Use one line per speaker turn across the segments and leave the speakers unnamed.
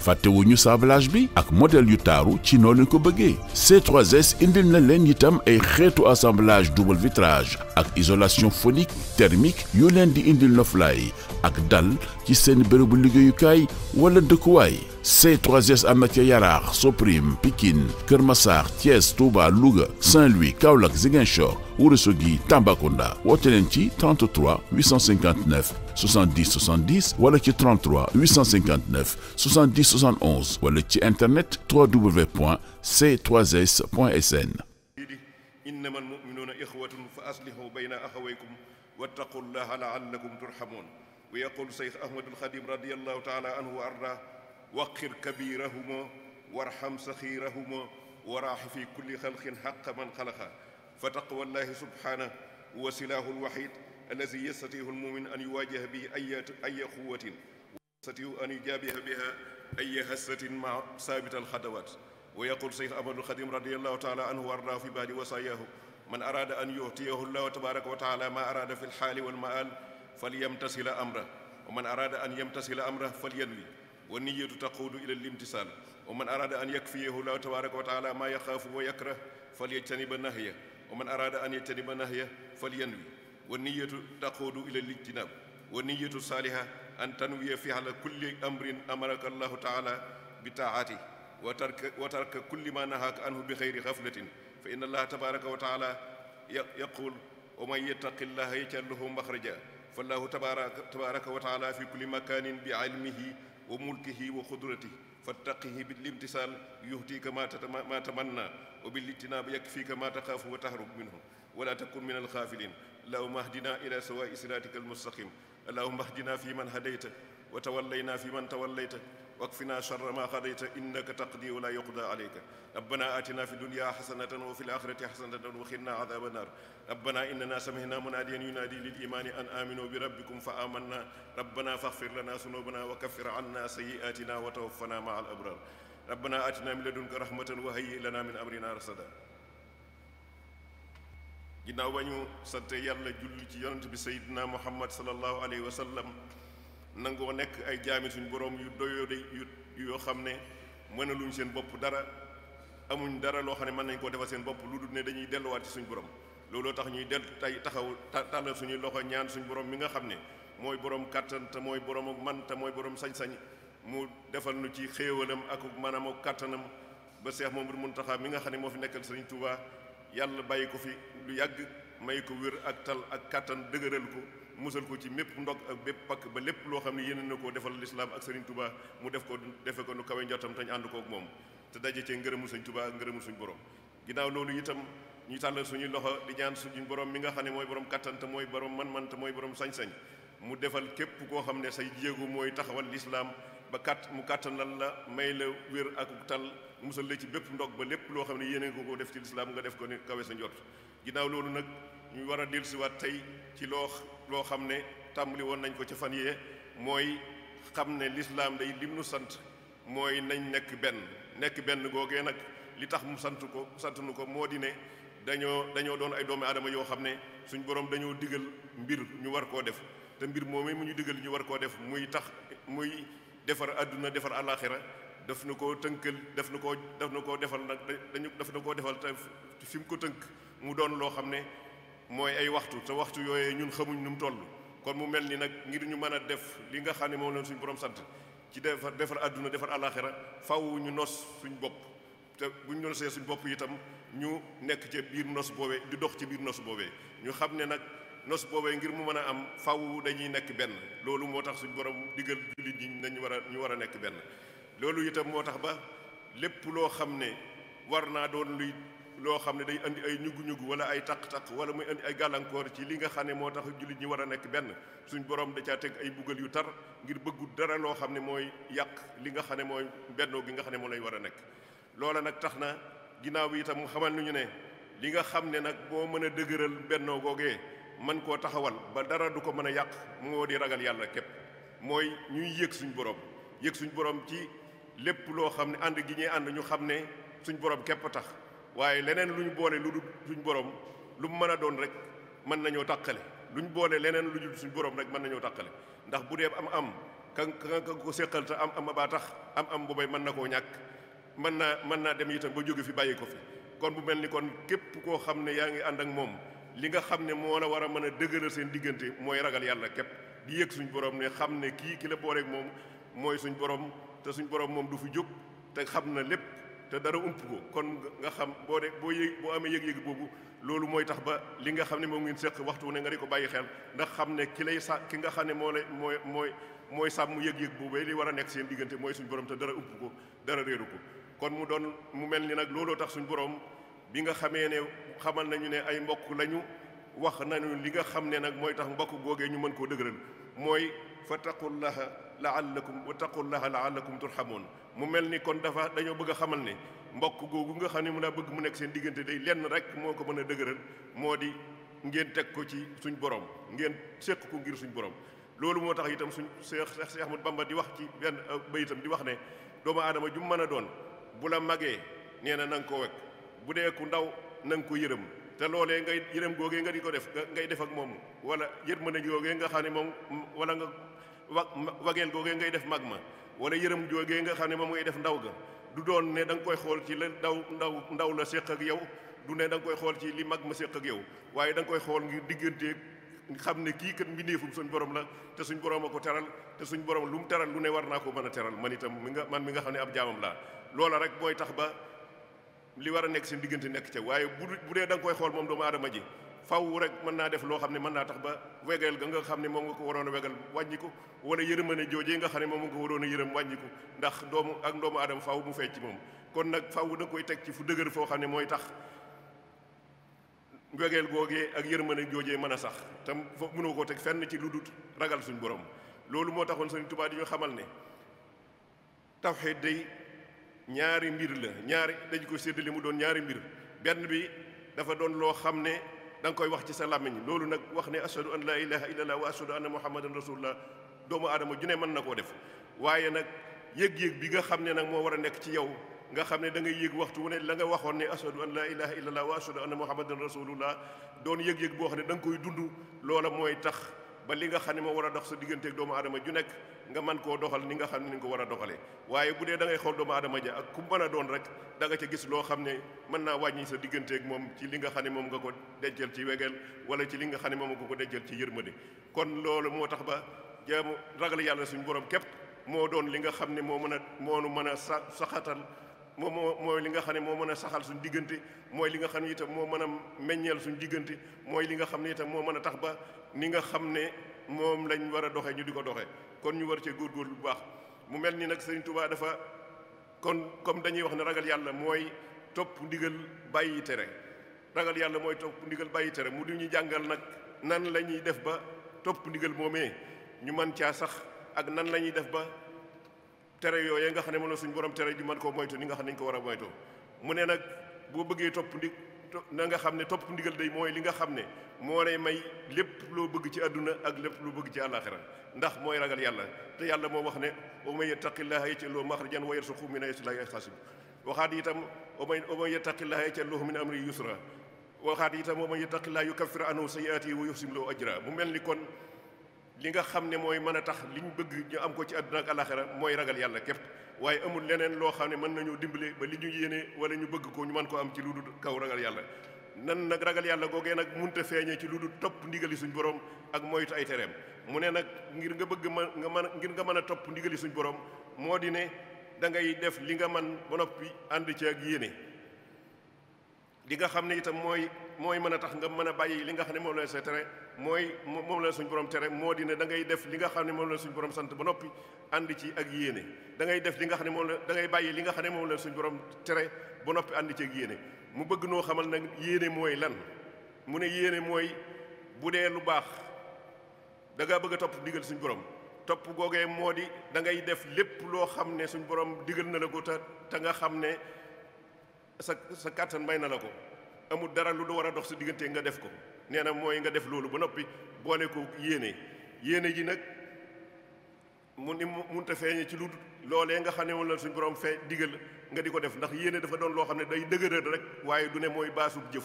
fàttewuñu sablage bi ak modèle yu taaru ci noo leen ko bëggee c indil na leen itam ay xeetu assemblage double vitrage ak isolation phonique thermique yu leen di indil noflaay ak dal ci seen bërëbu liggéeyukaay wala dëkkuwaay C3S am na ca Yaraax Soprim Pikine Kër Massar Thiès Touba Louga Saint-Louis Kaolack Ziguinchor Ourossogui Tambacounda woote leen ci 33 859 70 70 wala ci 33 859 70 71 wala ci internet www.c3s.sn
innamal mu'minuuna ixwatun fa aslihu bayna axawaykum wattaqullaha la'allakum turhamuun wa yaqulu seykh ahmadul xadim radiallahu taala anhu wa arda waqir kabirahuma warham saxiirahuma waraaxi fi kulli xalqin xaqa man xalaqa fa taqwallahi subhana wa silaahu lwaxid allazi yastatihu lmumin an yuwaajaha bihi aya quwatin yastatihu an yujaabiha biha aya hassatin maa saabita alxadawaat wa yaqul seykh ahmadul xadim radiallahu taala anhu wa arda fi baadi wasayaahu man araada an yuxtiyahu llahu tabaraka wa taala ma araada fi lxaali walmaal falyamtasila amra wa man araada an yamtasila amra falyanwi wa niyatu taquudu ila limtisaal wa man araada an yakfiyahu llahu tabaraka wa taala maa yaxaafu wa yakrah falyajtaniba nahya wa man araada an yajtaniba nahya falyanwi wa niyatu taquudu ila lijtinaab wa niyatu saaliha an tanwiya fiala kulli amrin amaraka allahu taala bi taaati wa tarka wa tarka kulli ma nahaaka anhu bi xayri xaflatin fa inna allaha tabaraka wa taala yaqul wa man yattaqi llaha yaj'al lahu maxraja fallahu tabaraka wa taala fi kulli makanin bi ilmihi wa mulkihi wa qudratihi fattaqihi bil imtisal yuhtika ma tamanna wa bil ijtinab yakfika ma taxaafu wa tahrub minhu wala takun min alxaafilin allahuma ahdina ila sawaa'i siratika almustaqim allahuma ahdina fi man hadayta wa tawallaynaa fi man tawallayta واكفنا شر ما قضيت إنك تقضي ولا يقضى عليك ربنا آتنا في الدنيا حسنة وفي الآخرة حسنة وقنا عذاب النار ربنا إننا سمعنا مناديا ينادي للإيمان أن آمنوا بربكم فآمنا ربنا فاغفر لنا ذنوبنا وكفر عنا سيئاتنا وتوفنا مع الأبرار ربنا آتنا من لدنك رحمة وهيئ لنا من أمرنا رشدا ginnaaw ba ñu sant yàlla julli ci yonent bi sayidina muhammad sallallahu alayhi wa sallam nangoo nekk ay jaami suñu boroom yu doyoo de yu yoo xam ne mënaluñ seen bopp dara amuñ dara loo xam ne mën nañ koo defal seen bopp lu dul ne dañuy delluwaat ci suñ borom looloo tax ñuy dellu tey taxaw tàllal suñuy loxo ñaan suñu borom mi nga xam ne mooy borom kàttan mooy boroom ak man te mooy boroom sañ-sañ mu defal nu ci xéewalam ak maanaam ak kàttanam ba Seex Mamadu Muntaxa mi nga xam ne moo fi nekkal Sëriñ Tuubaa yàlla bàyyi ko fi lu yàgg may ko wér ak tal ak kàttan dëgëral ko musal ko ci mépp ndog ak bépp pakk ba lépp loo xam ne yéene na koo defal lislaam ak Serigne Touba mu def ko defe ko nu kawe njottam tañ ànd kook moom te daje cee ngërëmul Sëñ Touba ak ngërëmul suñ borom ginnaaw loolu itam ñu tàllal suñuy loxo di ñaan suñu borom mi nga xam ne mooy borom kattan mooy borom man-man mooy borom sañ-sañ mu defal képp koo xam ne say jéego mooy taxawal lislaam ba kàtt mu kàttanal la may la wér ak tal musal la ci bépp ndog ba lépp loo xam ne yéene nga ko def ci lislaam nga def ko ni kawe sa njort ginnaaw loolu nag ñu war a dellusiwaat tey ci loo loo xam ne tàmbali woon nañ ko ca fan yee mooy xam ne lislaam day lim nu sant mooy nañ nekk benn nekk benn googee nag li tax mu sant ko sant nu ko moo di ne dañoo dañoo doon ay doomi aadama yoo xam ne suñ borom dañoo digal mbir ñu war koo def te mbir moomee mu ñu digal ñu war koo def muy tax muy defar àdduna defar àllaaxira daf na koo tënkal daf na koo na koo defal nag dañu daf na koo defal te fi mu ko tënk mu doon loo xam ne mooy ay waxtu te waxtu yooyee ñun xamuñ nu mu toll kon mu mel ni nag ngir ñu mën a def li nga xam ne moom leen suñu borom sant ci defar defar àdduna defar àllaaxira faw ñu nos suñ bopp te bu ñu nosee suñ bopp itam ñu nekk ci biir nos boobee di dox ci biir nos boobee ñu xam ne nag nos boobee ngir mu mën a am faw dañuy nekk benn loolu moo tax suñ borom digal jullit ñi nañu war a ñu war a nekk benn loolu itam moo tax ba lépp loo xam ne war naa doon luy loo xam ne day indi ay ñugu-ñugu wala ay taq-taq wala muy indi ay gàllankoor ci li nga xam ne moo tax jullit ñi war a nekk benn suñ borom da caa teg ay bugal yu tar ngir bëggul dara loo xam ne mooy yàq li nga xam ne mooy bennoo gi nga xam ne moo lay war nekk loola nag tax na ginnaaw bi itam mu xamal nu ñu ne li nga xam ne nag boo mën a dëgëral bennoo googee mën koo taxawal ba dara du ko mën a yàq moo di ragal yàlla képp mooy ñuy yëg suñu boroom yëg suñu borom ci lépp loo xam ne ànd gi ñuy ànd ñu xam ne suñu borom képp tax waaye leneen lu ñu boole lu dul suñ borom lu mu mën a doon rek mën nañoo tàqale lu ñu boole leneen lu dul suñ borom rek mën nañoo takkale ndax bu dee am am ka ka ko séqal am am baa tax am am boobay mën na koo ñàkk mën naa mën naa dem itam ba jóge fi bàyyi ko fi kon bu mel ni kon képp koo xam ne yaa ngi ànd ak moom li nga xam ne moo la war a mën a dëgëral seen diggante mooy ragal yàlla képp di yëg suñ boroom ne xam ne kii ki la booleeg moom mooy suñ borom te suñ borom moom du fi jóg te xam na lépp te dara ump ko kon nga xam boo de boo yëg boo amee yëg-yëg boobu loolu mooy tax ba li nga xam ne moom ngeen seq waxtu ne nga di ko bàyyi xel ndax xam ne ki lay sa ki nga xam ne moo lay mooy mooy mooy sàmm yëg-yëg boobu li war a nekk seen diggante mooy suñu borom te dara ump ko dara réeru ko kon mu doon mu mel ni nag looloo tax suñu borom bi nga xamee ne xamal nañu ne ay mbokk lañu wax nañu li nga xam ne nag mooy tax mbokk googee ñu mën koo dëgëral mooy fa taqullaha laallakum wa taqullaha laallakum turhamun mu mel ni kon dafa dañoo bëgg a xamal ne mbokk googu nga xam ne mu naa bëgg mu nekk seen diggante day lenn rek moo ko mën a dëgëral moo di ngeen teg ko ci suñ borom ngeen séq ko ngir suñ borom loolu moo tax itam suñ Seex Seex Ahmadu Bamba di wax ci benn euh, bayitam di wax ne doomu aadama ju mën a doon bu la magee nee na na ko wekk bu dee ku ndaw na ko yërëm te loolee ngay yërëm googee nga di ko def ngay def ak moom wala yërmande googee nga xam ne moom wala nga wa wageen googee ngay def mag ma wala yërëm joogee nga xam ne moom ngay def ndaw ga du doon ne danga koy xool ci la ndaw ndaw ndaw la séq ak yow du ne da nga koy xool ci li mag ma séq ak yow waaye da nga koy xool ngir diggante xam ne kii kat mbindeefum suñ borom la te suñ borom a teral te suñ borom lu mu teral lu ne war naa ko mën a teral man itam mi nga man mi nga xam ne ab jaamam laa loola rek mooy tax ba li war a nekk seen diggante nekk ca waaye bu bu dee da koy xool moom doomu adama ji faaw rek mën naa def loo xam ne mën naa tax ba wegal ga nga xam ne moom nga ko waroon a wegal wàññiku wala yërëmane joojee nga xam ne moom nga ko waroon a yërëm wàññiku ndax doomu ak doomu aadama faaw mu fecc moom kon nag faaw da koy teg ci fu dëgër foo xam ne mooy tax wegeel googee ak yërmane joojee mën a sax tam foofu mënoo koo teg fenn ci lu dul ragal suñu borom loolu moo taxoon Sëriñ Tuubaa di ñu xamal ne taw tawxiid day ñaari mbir la ñaari dañ ko séddale mu doon ñaari mbir benn bi dafa doon loo xam ne danga koy wax ci sa làmmiñ loolu nag wax ne ashadu an laa ilaha illallah wa ashadu anna muhammadan rasulullah doomu aadama ju ne mën na koo def waaye nag yëg-yëg bi nga xam ne nag moo war a nekk ci yow nga xam ne da ngay yëg waxtu wu ne la nga waxoon ne ashadu an laa ilaha illallah wa ashadu anna muhammadan rasulullah doon yëg-yëg boo xam ne da nga koy dund loola mooy tax ba li nga xam ne moo war a dox sa digganteeg doomu aadama ju nekk nga mën koo doxal ni nga xam ne ni nga ko war a doxalee waaye bu dee da ngay xool doomu aadama ja ak ku mën a doon rek da nga ca gis loo xam ne mën naa wàññi sa digganteeg moom ci li nga xam ne moom nga ko dencal ci wegeel wala ci li nga xam ne moom nga ko dencal ci yërmande kon loolu moo tax ba jéem ragal yàlla suñu borom képp moo doon li nga xam ne moo mën a moonu mën a sa saxatal moom moo mooy li nga xam ne moo mën a saxal suñu diggante mooy li nga xam ne itam moo mën a meññeel suñu diggante mooy li nga xam ne itam moo mën a tax ba ni nga xam ne moom lañ war a doxe ñu di ko doxee kon ñu war cee góor góor bu baax mu mel ni nag Sëriñ Tuubaa dafa kon comme dañuy wax ne ragal yàlla mooy topp ndigal bàyyi tere ragal yàlla mooy topp ndigal bàyyi tere mu di ñu jàngal nag nan la ñuy def ba topp ndigal moomee ñu mën caa sax ak nan la ñuy def ba tere yooyu nga xam ne moom la suñu borom tere di mën koo moytu ni nga xam ne ñu ko war a moytu mu ne nag boo bëggee topp ndi na nga xam ne topp ndigal day mooy li nga xam ne moo lay may lépp loo bëgg ci àdduna ak lépp loo bëgg ci àllaaxira ndax mooy ragal yàlla te yàlla moo wax ne wa man yattaqillaha yaj'al lahu makhrajan wa yarzuqhu min haythu laa yahtasib waxaat itam wa man yattaqillaha yaj'al lahu min amri yusra waxaat itam wa man yattaqillaha yukaffir anhu sayyi'atihi wa yuhsin lahu ajra mu mel ni kon li nga xam ne mooy mën a tax liñ bëgg ñu am ko ci àdduna ak alaxira mooy ragal yàlla képp waaye amul leneen loo xam ne mën nañoo dimbale ba li ñu yéene wala ñu bëgg ko ñu mën ko am ci lu dul kaw ragal yàlla nan nag ragal yàlla googee nag munta feeñee ci lu dul topp ndigali suñu borom ak moytu ay tereem mu ne nag ngir nga bëgg mën nga mën ngir nga mën a topp ndigali suñ borom moo di ne da ngay def li nga man ba noppi ànd ci ak yéene li nga xam ne itam mooy mooy mën a tax nga mën a bàyyi li nga xam ne moom la sa tere mooy moom la suñ borom tere moo di ne da def li nga xam ne moom la suñ borom sant ba noppi ànd ci ak yéene da def li nga xam ne moom la da bàyyi li nga xam ne moom la suñ borom tere ba noppi ànd ci ak yéene mu bëgg noo xamal nag yéene mooy lan mu ne yéene mooy bu dee lu baax da ngaa bëgg topp digal suñ borom topp googee moo di da ngay def lépp loo xam ne suñu borom digal na la ko te te nga xam ne sa sa kàttan may na la ko amul dara lu du war a dox sa diggante nga def ko nee na mooy nga def loolu ba noppi boole ko yéene yéene ji nag mu ni munta feeñe ci lu loolee nga xam ne la suñ borom fee digal nga di ko def ndax yéene dafa doon loo xam ne day dëgëral rek waaye du ne mooy baasub jëf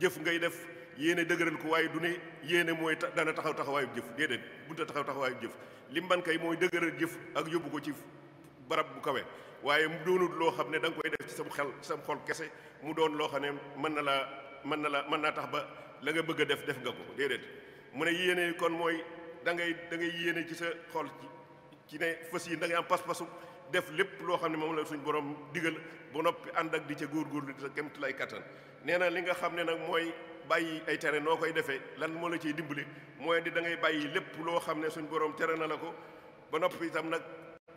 jëf ngay def yéene dëgëral ko waaye du ne yéene mooy dana taxaw taxawaayu jëf déedéet bunta taxaw taxawaayu jëf li mban mooy dëgëral jëf ak yóbbu ko ci barab kawe waaye mu doonul loo xam ne danga koy def ci sam xel ci sam xol kese mu doon loo xam ne mën na laa mën na la mën naa tax ba la nga bëgg a def def nga ko déedéet mu ne yéene kon mooy da ngay da ngay yéene ci sa xol ci ne fas yi da ngay am pas-pasu def lépp loo xam ne moom la suñ borom digal ba noppi ànd ak di ca góor góorgóorlu di sa kémtu lay kattan nee na li nga xam ne nag mooy bàyyi ay tere noo koy defee lan moo la ciy dimbali mooy di da ngay bàyyi lépp loo xam ne suñ borom tere na la ko ba noppi itam nag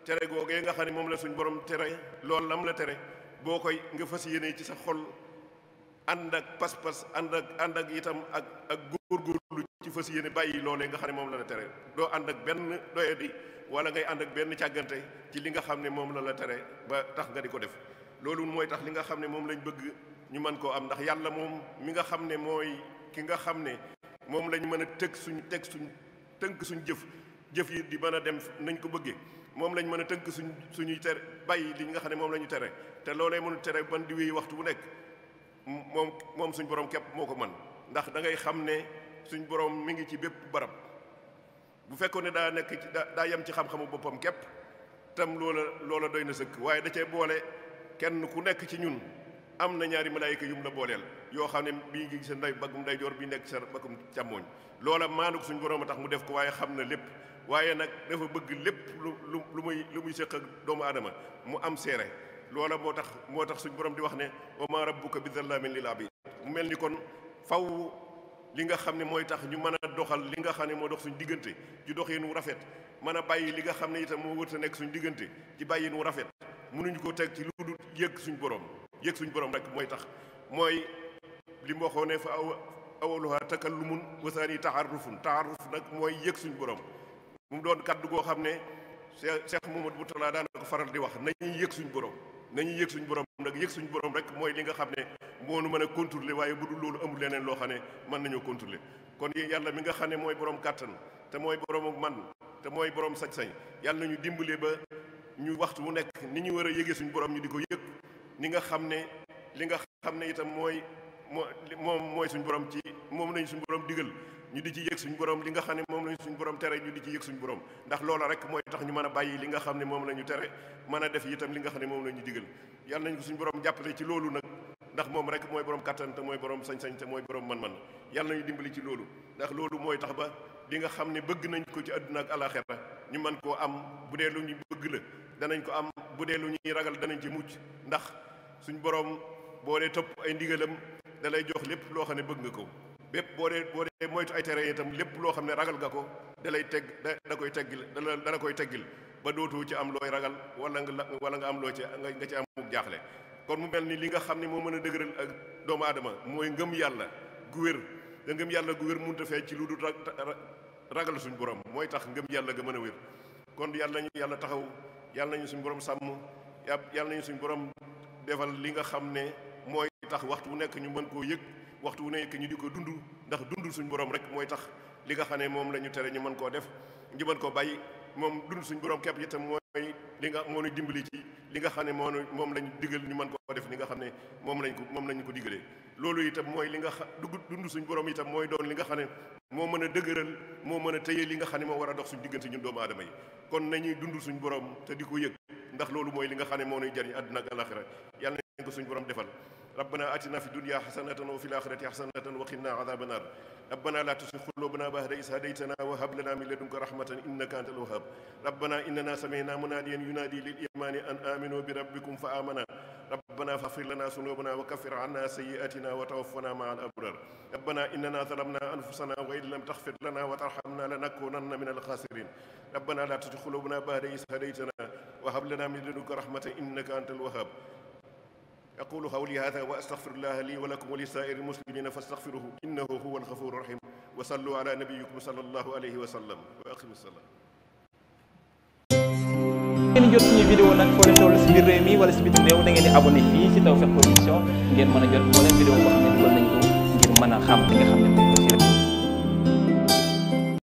tere googee nga xam ne moom la suñ borom tere loolu lam la tere boo koy nga fas yéene ci sa xol ànd ak pas-pas ànd ak ànd ak itam ak ak góorgóorlu ci fas yéene bàyyi loolee nga xam ne moom la la tere doo ànd ak benn doyadi wala ngay ànd ak benn càggante ci li nga xam ne moom la la tere ba tax nga di ko def loolu mooy tax li nga xam ne moom lañ bëgg ñu mën koo am ndax yàlla moom mi nga xam ne mooy ki nga xam ne moom lañ mën a tëg suñ teg suñ tënk suñ jëf jëf yi di mën a dem nañ ko bëggee moom lañ mën a tënk suñu suñuy tere bay li nga xam ne moom la tere te loolee mënu tere ban di wéy waxtu bu nekk moom moom suñ borom képp moo ko mën ndax da xam ne suñ borom mi ngi ci bépp barab bu fekkoon ne daa nekk ci daa yem ci xam boppam képp tam loola loola doy na sëkk waaye da cee boole kenn ku nekk ci ñun am na ñaari malaayika yu mu la booleel yoo xam ne bii ngi sa ndey baggum nday joor bi nekk sa baggum càmmooñ loola maanuk suñ borom a tax mu def ko waaye xam na lépp waaye nag dafa bëgg lépp lu lu muy lu muy séq doomu aadama mu am seere loola moo tax moo tax suñ borom di wax ne wa ma rabbuka bi zallamin lil abid mu mel ni kon faw li nga xam ne mooy tax ñu mën a doxal li nga xam ne moo dox suñu diggante ci dox yéen wu rafet mën a bàyyi li nga xam ne itam moo wërta nekk suñ diggante ci bàyyi yéen wu rafet mënuñu ko teg ci lu dul yëg suñu borom yëg suñ borom rek mooy tax mooy li mu waxoon ne fa awaluha takallumun wa saani taarufun taaruf nag mooy yëg suñu borom mu doon kàddu goo xam ne Cheikh Mouhamadou Moutalla daan ko faral di wax nañuy yëg suñu borom nañuy yëg suñ borom nag yëg suñu borom rek mooy li nga xam ne moo nu mën a contrôler waaye bu loolu amul leneen loo xam ne mën nañoo contrôler kon yàlla mi nga xam ne mooy borom kàttan te mooy borom man te mooy borom sañ-sañ yàlla nañu dimbale ba ñu waxtu wu nekk ni ñu war a yëgee suñu borom ñu di ko yëg ni nga xam ne li nga xam ne itam mooy moo moom mooy suñu borom ci moom nañu suñu borom digal ñu di ci yëg suñu borom li nga xam ne moom lañu suñu borom tere ñu di ci yëg suñu borom ndax loola rek mooy tax ñu mën a bàyyi li nga xam ne moom la ñu tere def itam li nga xam ne moom la ñu digal yàlla nañ ko suñu borom jàppale ci loolu nag ndax moom rek mooy borom kattan te mooy borom sañ-sañ te mooy borom man-man yàlla nañu dimbali ci loolu ndax loolu mooy tax ba li nga xam ne bëgg nañ ko ci àdduna ak alaxira ñu mën koo am bu dee lu ñu bëgg la danañ ko am bu dee lu ñuy ragal danañ ci mucc ndax suñu borom boo dee ay ndigalam da lay jox lépp loo xam ne bëgg nga ko bépp boo dee boo dee mooy ay tere itam lépp loo xam ne ragal nga ko dalay teg tegg da koy teggil dala koy teggil ba dootu ci am looy ragal wala nga wala nga am loo ci nga ci amuk jaaxle kon mu mel ni li nga xam ne moo mën a dëgëral ak doomu aadama mooy ngëm yàlla gu wér yàlla gu wér mënut a feeñ ci lu ragal suñu borom mooy tax ngëm yàlla ga a wér kon yàlla nañu yàlla taxaw yàlla suñu borom sàmm yàlla nañu suñu borom defal li nga xam ne mooy tax waxtu bu nekk ñu mën koo yëg waxtu wu nekk ñu di ko dund ndax dundu suñu borom rek mooy tax li nga xam ne moom la ñu tere ñu mën koo def ñu mën koo moom dund suñu borom képp itam mooy li nga moo ñu dimbali ci li nga xam ne moo moom lañ digal ñu mën koo def li nga xam ne moom lañ ko moom lañ ko digalee loolu itam mooy li nga xa dund suñu borom itam mooy doon li nga xam ne moo mën a dëgëral moo mën a téye li nga xam ne moo war a dox suñu diggante ñun doomu aadama yi kon nañuy dundu suñu borom te di ko yëg ndax loolu mooy li nga xam ne moo ñuy jariñ àdduna ak alaxira yàlla nañ ko suñu borom defal ربنا آتنا في الدنيا حسنة وفي الآخرة حسنة وقنا عذاب النار ربنا لا تزغ قلوبنا بعد إذ هديتنا وهب لنا من لدنك رحمة إنك أنت الوهاب ربنا إننا سمعنا مناديا ينادي للإيمان أن آمنوا بربكم فآمنا ربنا فاغفر لنا ذنوبنا وكفر عنا سيئاتنا وتوفنا مع الأبرار ربنا إننا ظلمنا أنفسنا وإن لم تغفر لنا وترحمنا لنكونن من الخاسرين ربنا لا تزغ قلوبنا بعد إذ هديتنا وهب لنا من لدنك رحمة إنك أنت الوهاب aqulu xawli hada wa astaxfirullah li wa lakum wa li saa'iri lmuslimina fastaxfiruhu innahu huwa alxafuru rahim wa sallu ala nabiyikum sallallahu alayhi wa sallam wa aqimu salaam ngeen jot suñu vidéo nag foo leen toll si biir réew mi wala si biti réew da ngeen di abonné fii si Tawfekh Production ngeen mën a jot moo leen vidéo boo xam ne dugal nañ ko ngir mën a xam li nga xam ne